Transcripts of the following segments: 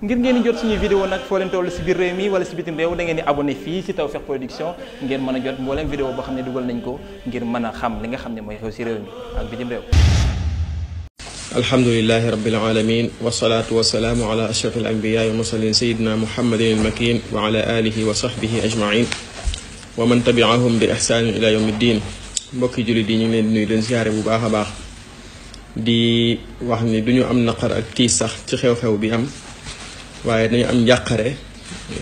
ngir ngeen di jot suñuy vidéo nag foo leen si biir réew mi wala si bitim réew da ngeen di abonné fii si Tawfekh Production ngeen mën a jot mbooleem vidéo boo xam ne dugal nañ ko ngir mën a xam li nga xam ne mooy xew si réew mi ak bitim réew alhamdulilahi rabbil alamin wasalaatu wasalaamu ala ashraf al anbiya wal mursalin sayidina muhammadin al makin wa ala alihi wa sahbihi ajmain wa man tabiahum bi ihsanin ila yawmi ddin mbokki jullit yi ñu ngi leen nuyu leen siyaare bu baax a baax di wax ni duñu am naqar ak tiis sax ci xew-xew bi am waaye dañu am njàqare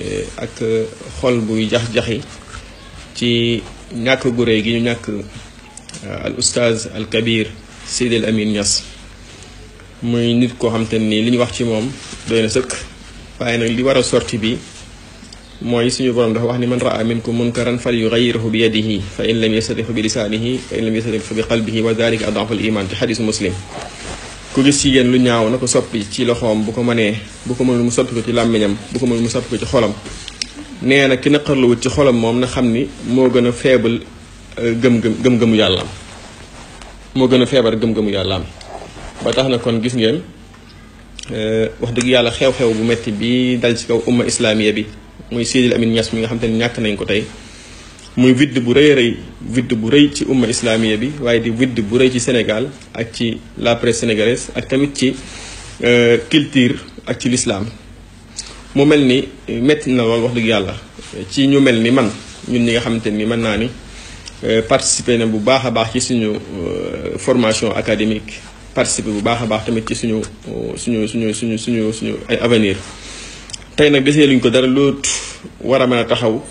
eh, ak xol buy jax-jaxi ci ñàkk gu réy gi ñu ñàkk eh, al oustaz al kabir Sidi al Amin Niass muy nit koo xam te ni li ñu wax ci moom doy na sëkk waaye nag li war a sorti bi mooy suñu borom dafa wax ni man raa minkum munkaran fal yugayyirhu bi yadihi fa in lam yastatix bi lisaanihi fa in lam yastatix bi qalbihi wa dalika adafu al iman ci xadisu muslim ku gis jigéen lu ñaaw na ko soppi ci loxoom bu ko manee bu ko mënul mu soppi ko ci làmmiñam bu ko mënul mu soppi ko ci xolam nee na ki naqarluwut ci xolam moom na xam ni moo gën a faible euh, gëm-gëm gëm-gëmu moo gën a feebar gëm-gëmu yàllaam ba tax na kon gis ngeen euh, wax dëgg yàlla xew-xew bu metti bii dal ci kaw umma islaamiya bi muy Sidil Amin Niass mi nga xam te ne ñàkk nañ ko tey muy widd bu rëy rëy widd bu rëy ci umma islamiya bi waaye di widd bu rëy ci Sénégal ak ci la presse sénégalaise ak tamit ci euh, culture ak ci l'islam mu mel ni euh, métti na lool wax dëgg yàlla ci ñu mel ni man ñun ñi nga xamante ni mën naa ni euh, participer na bu baax a baax ci suñu formation académique participer bu baax a baax tamit ci suñu suñu suñu suñu suñu ay avenir tey nag desee luñ ko dara loot war a mën a taxaw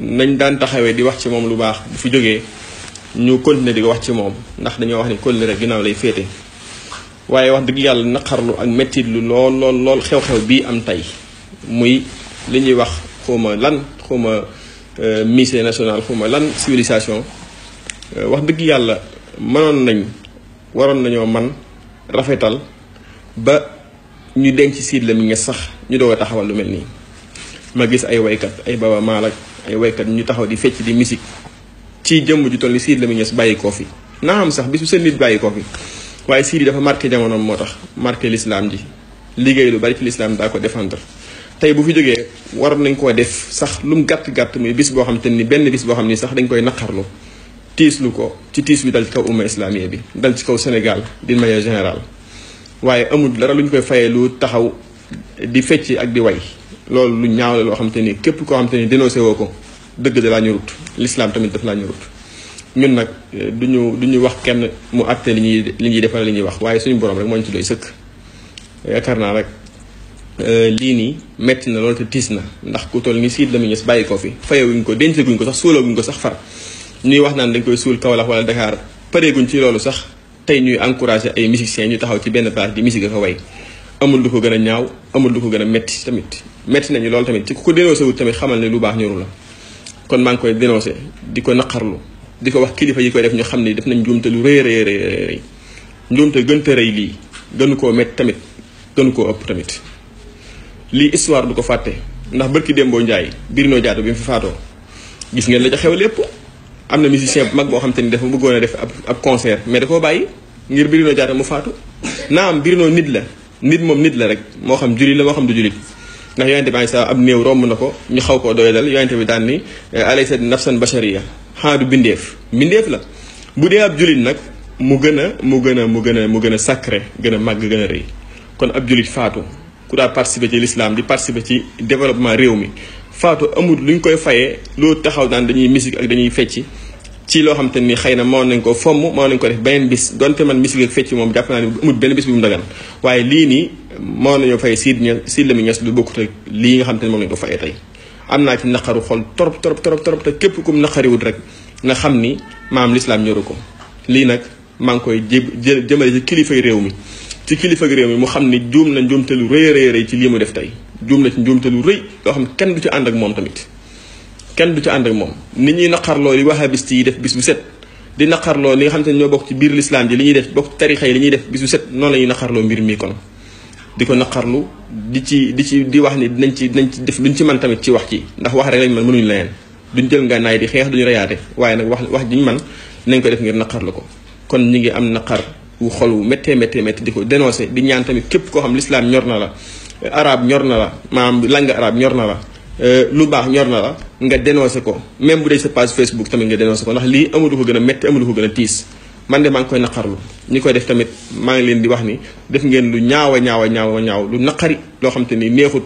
nañ daan taxawee di wax ci moom lu baax bu fi jógee ñu continuer di wax ci moom ndax dañoo wax ni kóllëre rek ginnaaw lay féete waaye wax dëgg yàlla naqarlu ak mettit lu lool lool lool xew-xew bii am tey muy li ñuy wax xawma lan xawma euh, musée national xawma lan civilisation euh, wax dëgg yàlla mënoon nañ waroon nañoo man rafetal ba ñu denc siid la mi nga sax ñu doog a taxawal lu mel nii ma gis ay waykat ay baba maalak ay waykat ñu taxaw di fecc di musique ci jëmm ju toll ni Sidy Lamine Niass bàyyi koo fi naa am sax bisu seen nit bàyyi koo fi waaye Sidy dafa marqué jamonoom moo tax marqué l'islam ji liggéey lu bari ci l'islam daa ko défendre tey bu fi jógee waroon nañ koo def sax lu mu gàtt-gàtt muy bis boo xam te ni benn bis boo xam ni sax dañ koy naqarlu lu ko ci tiis bi dal ci kaw umma islamiya bi dal ci kaw Sénégal d'une manière générale waaye amul dara lu ñu koy fayee lu taxaw di fecc ak di way loolu lu ñaaw la loo xamante ni képp koo xamante ni dénoncé woo ko dëgg da laa ñorut l'islam tamit daf laa ñorut ñun nag eh, du duñu du ñu wax kenn mu àtte li ñuy li ñuy defal li ñuy wax waaye suñu borom rek moo ñu ci doy sëkk yaakaar naa rek eh, lii nii metti na loolu te tiis na ndax ku toll ni siit la mu ñes bàyyi koo fi fayewuñ ko denc guñ ko sax suulaguñ ko sax far ñuy wax naan dañ koy suul Kaolack wala Dakar pareeguñ ci loolu sax te ñuy encouragé ay musiciens ñu taxaw ci benn place di musique ak way amul lu ko gën a ñaaw amul lu ko gën a metti tamit metti nañu loolu tamit ci ku ko dénoncé wut tamit xamal ne lu baax ñoru la kon maa ngi koy dénoncé di ko naqarlu di ko wax kilifa yi koy def ñu xam ne def nañ njuumte lu rëy rëy rëy rëy njuumte gënta rëy lii gënu koo metti tamit gënu koo ëpp tamit lii histoire du ko fàtte ndax bërki démboo njaay Bruno Diatta bi mu fi faatoo gis ngeen la ca xew lépp am na musicien bu mag boo xam te ni dafa bëggoon a def ab ab concert mais da koo bàyyi ngir Bruno Diatta mu faatu naam Bruno nit la nit moom nit la rek moo xam julit la moo xam du julit ndax yonente bi saa néew romb na ko ñu xaw ko doyadal yonente bi daan ni eh, alaysa nafsan bashariya xanaa du bindeef bindeef la bu dee ab julit nag mu gën a mu gën a mu gën a mu gën a sacré gën a màgg gën a rëy kon ab julit faatu ku daa participer ci l'islam di participer ci développement réew mi faatu amul lu ñu koy fayee loolu taxaw daan dañuy musique ak dañuy fecc ci loo xam te ni xëy na moo nañ ko fomm moo nañ ko def beneen bis donte man musique ak fecc moom jàpp naa ne amul benn bis bu mu dagan waaye lii nii moo nañoo fay siid ña la mi ñes lu bokkut ak lii nga xam te ne moom lañ ko fayee tey am naa ci naqaru xol torop torop torop torop te képp kum naqariwut rek nga xam ni maam lislaam ñoru ko lii nag maa ngi koy jë jëmale ci kilifay réew mi ci kilifa réew mi mu xam ni juum na njuumte lu rëy rëy rëy ci lii mu def tey juum na ci njuumte lu rëy loo xam kenn du ci ànd ak moom tamit kenn du ci ànd ak moom nit ñuy naqarloo li wahabiste yi def bis bu set di naqarloo li xam te ne ñoo bokk ci biir lislaam ji li ñuy def bokk tarixa yi li ñuy def bis bu set noonu la ñuy naqarloo mbir mi kon di ko naqarlu di ci di ci di wax ni dinañ ci dinañ ci def luñ ci mën tamit ci wax ci ndax wax rek lañ mën mënuñu leneen duñ jël nga naay di xeex duñu reyaate waaye nag wax wax diñu man nañ ko def ngir naqarlu ko kon ñi ngi am naqar wu xol wu méttee méttee métti di ko dénoncé di ñaan tamit képp koo xam lislaam ñor na la arab ñor na la maanaam langue arab ñor na la Euh, lu baax ñor na la nga dénoncé ko même bu dee sa page Facebook tamit nga dénoncé ko ndax lii amulu ko gën a métti amulu ko gën a tiis man de maa ngi koy naqarlu ñu koy def tamit maa ngi leen di wax ni def ngeen lu ñaawa ñaawa ñaawa ñaaw lu naqari loo xam te ni neexut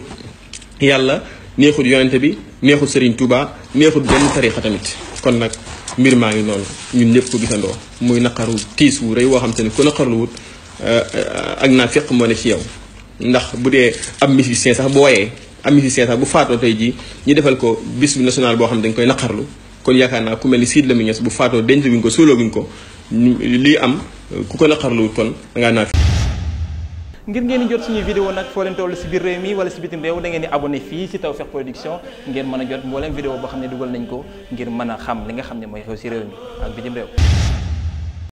yàlla neexut yonente bi neexut Serigne Touba neexut benn xa tamit kon nag mbir maa ngi noonu ñun ñëpp ko gisandoo muy naqaru tiis wu rëy woo xam te ni ku naqarlu wut euh, euh, ak naa féq moo ne ci yow ndax bu dee ab musicien sax booyee am ci seetaan bu faatoo tey jii ñu defal ko bis bi national boo xam ne dañ koy naqarlu kon yaakaar naa ku mel ni Sidy Lamine Niass bu faatoo denc guñ ko sóolooguñ ko lii am ku ko naqarlu kon dangaa naa ngir ngeen di jot suñuy vidéo nag foo leen toll si biir réew mi wala si bitim réew da ngeen di abonné fii si Tawfekh Production ngeen mën a jot mbooleem vidéo boo xam ne dugal nañ ko ngir mën a xam li nga xam ne mooy xew si réew mi ak bitim